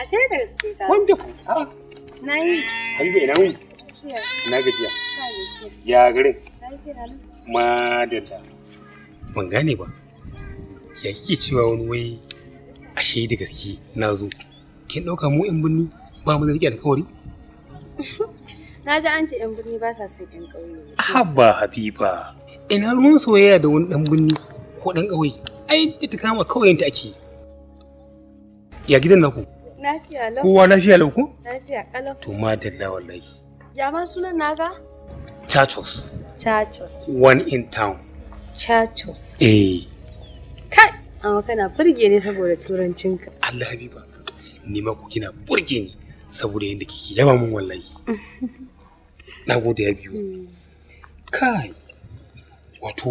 Ashe da ah. Na yi. Halija ina wuni? Ina gajiya. Ya garin? Madalla. Ban gane ba. Ya kike cewa wani wai ashe da gaske na zo. Kin ɗauka mu 'yan birni ba mu da riƙe alkawari? Na ji an ce 'yan birni ba sa son 'yan ƙauye. ba Habiba. Ina ruwan soyayya da wani dan birni. ko ɗan ƙauye ai ita kama ta ake ya gidan naku lafiya lau kowa lafiya lau ko lafiya kalau to madalla wallahi ya ma sunan naga chachos chachos one in town chachos eh kai amma kana burge ne saboda turancinka Allah habiba ni ma ku kina burge ni saboda yadda kike yaba mun wallahi na ya biyu hmm. kai wato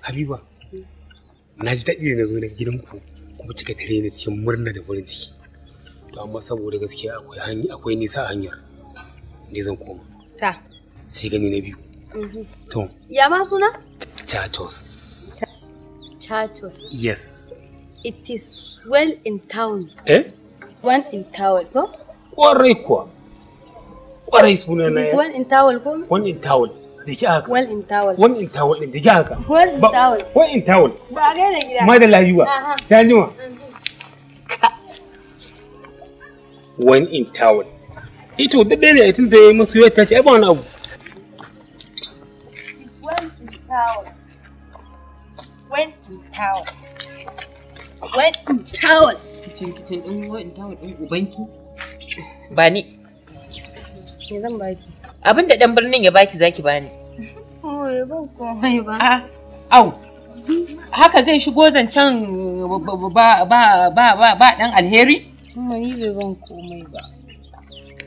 habiba na ji daɗi da na zo na gidanku kuma kika tare ni cikin murna da farin ciki to amma saboda gaskiya akwai hanya akwai nisa a hanyar ne zan koma ta sai gani na biyu mhm. to ya ma suna chachos chachos yes it is well in town eh one in town ko kwarai kuwa kwarai suna na one in town ko one in town jiki haka wal in tawul wal in tawul din haka wal in tawul wal in tawul ba ga da gida ma da layuwa ta jima wal in tawul ito da dai ne tun da musu ta tace ai ba wani abu wal in tawul wal in tawul wal in tawul kicin kicin din wal in tawul din ubanki ba ni Me zan baki? Abin da dan birnin ya baki zaki bani. Oh, ya ba komai ba. Ah, au. Haka zai shigo zancen ba ba ba ba dan alheri? Mani bai ban komai ba.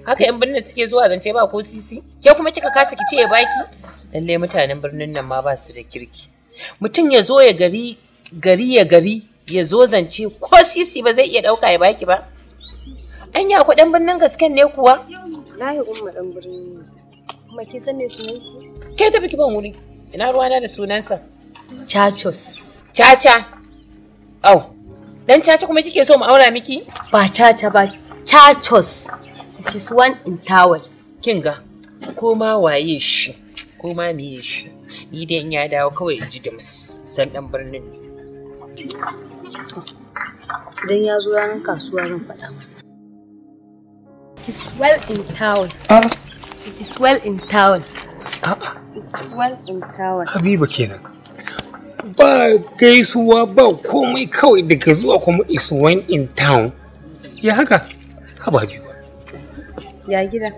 haka yan birnin suke zuwa zance ba ko sisi ke kuma kika kasa ki ce ya baki lalle mutanen birnin nan ma ba su da kirki mutum ya zo ya gari gari ya gari ya zo zance ko sisi ba zai iya dauka ya baki ba anya ku dan birnin gasken ne kuwa Wallahi umma dan birni ne. Kuma kin san me sunan shi? Ke tafi ki ban wuri. Ina ruwa na da sunansa? Chachos. Chacha. Au. Dan Chacha kuma kike so mu aura miki? Ba Chacha ba, Chachos. It is one in towel. Kin ga ko ma waye shi, ko ma meye shi. Ni dai in ya dawo kawai in ji Jamus, san dan birnin ne. Idan ya zo ranar kasuwa zan faɗa masa. is well in town. Ah. It is well in town. A'a. Ah. Well in town. Habiba kenan. Ba gaisuwa ba komai kawai daga zuwa kuma is well in town. Ya haka? Haba Habiba. Ya gida.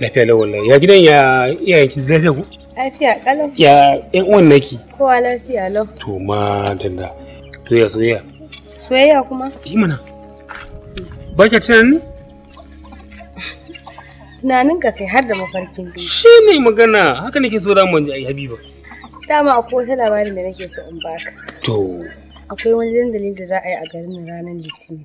Lafiya lau wallahi. Ya gidan ya iyayenki lafiya ku? Lafiya kalau. Ya ƴan uwan naki? Kowa lafiya lau. To ma danda. To ya soyayya. Soyayya kuma? Imana. Ba ka tunaninka kai har da mafarkin biyu shi ne magana haka nake so da mun ji ai habiba dama akwai wata labarin da nake so in baka to akwai wani dandali da za a yi a garin ranar litinin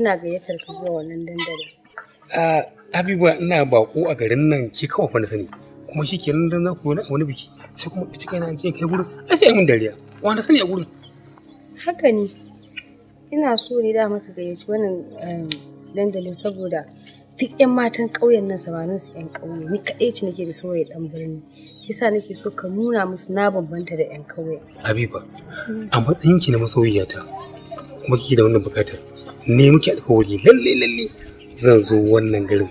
ina gayyatar ka zuwa wannan dandalin habiba ina bako a garin nan ke kawai fa na sani kuma shi kenan dan za ku yi wani biki sai kuma ita kai na an ce kai gurin a sai mun dariya wanda sani a gurin haka ne ina so ne da maka gayyaci wannan eh, dandalin saboda duk 'yan matan ƙauyen nan sabanin su 'yan ƙauye ni kaɗai ce nake da saurayi ɗan birni kisa nake so ka nuna musu na bambanta da 'yan ƙauye. Habiba hmm. a matsayin ki na masoyiyata kuma kike da wannan buƙatar ne muke alkawari lalle lalle zan zo wannan garin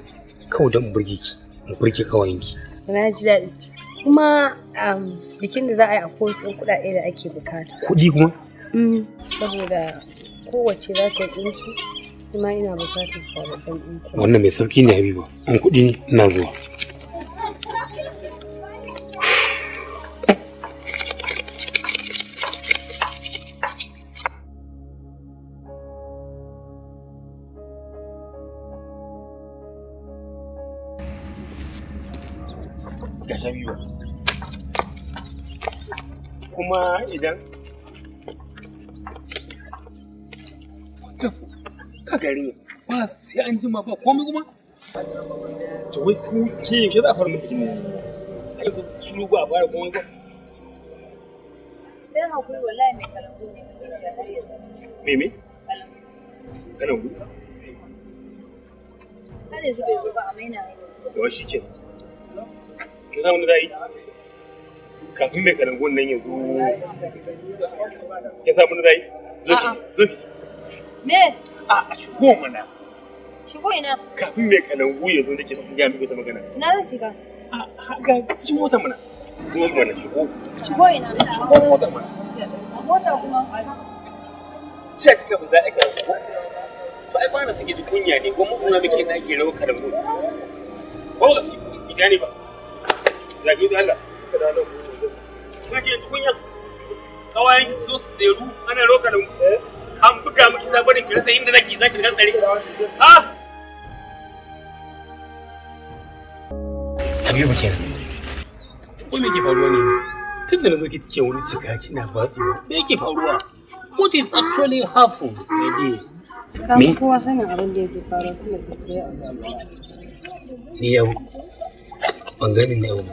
kawai don burge ki in burge kawayen ki. Na ji daɗi kuma um, bikin da za a yi a kowace ɗin kuɗaɗe da ake bukata. Kuɗi kuma? Hmm, saboda kowace za ta yi ɗinki ma ina bukatar sababbin ɗinkuna. Wannan mai sauƙi ne Habiba, an kuɗi ne ina zuwa. Kuma idan ka gari ba sai an ba komai kuma to wai ku ke yaushe za a fara bikin shiru ba ba ko wani ba dan hakuri wallahi mai ne me me har yanzu bai zo ba to shi ke ki san wani zai kafin mai nan ki san wani zai zo ki me a shigo mana shigo ina kafin mai kalangu ya zo nake son gaya miki ta magana ina zan shiga a ga cikin motar mana zo mana shigo shigo ina shigo motar mana mota kuma Sha kika ba za a ga ko ba ai bana sake ji kunya ne ko mun na muke da ake rawa kalangu ko gaske ita ne ba zabi da Allah ka dawo ku ji kunya kawayen su zo su tseru ana rokarin ku eh? an buga miki saboda ki rasa inda zaki zaki dan dare ha Habibu kenan ko me ke faruwa ne tun da nazo ki tike wani cika kina batsi me yake faruwa what is actually harmful my dear kamar kowa sanin abin da yake faruwa kuma ku kai a ni yau ban gani ne yau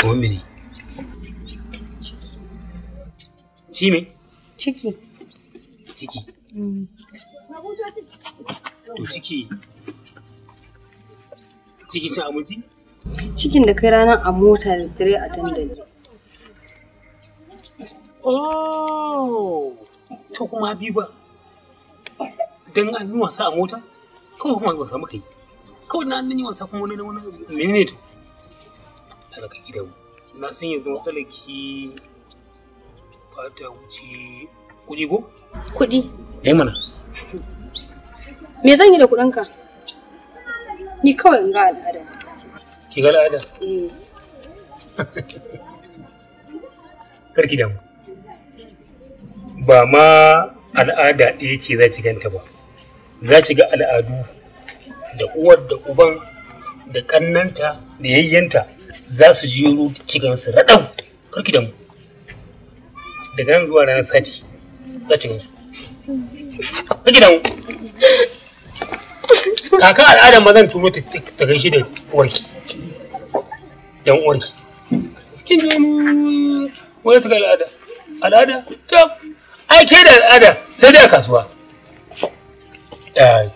ko mene ciki ciki ciki mm. to ciki ciki cin abinci cikin da kai ranar a mota da dare a dandali oh to kuma ba. dan an yi wasa a mota kawai kuma wasa muka yi kawai na an yi wasa kuma wani wani menene to daga gidanmu na san yanzu matsalar ki fata wuce Kuɗi ko? Kuɗi. Eh mana. Me zan yi da kuɗinka? Ni kawai in ga al'ada. Ki ga al'ada? Eh. Karki damu. Ba ma al'ada ɗaya ce za ki ganta ba. Za ki ga al'adu da uwar da uban da ƙannanta da yayyanta za su jiro ki gansu raɗau. Karki damu. Daga nan zuwa ranar sati. za ki gansu kake da mu kaka al'adar ma zan turo ta gaishe da uwarki dan uwarki kin ji wani ta al'ada al'ada ta ai ke da al'ada sai dai kasuwa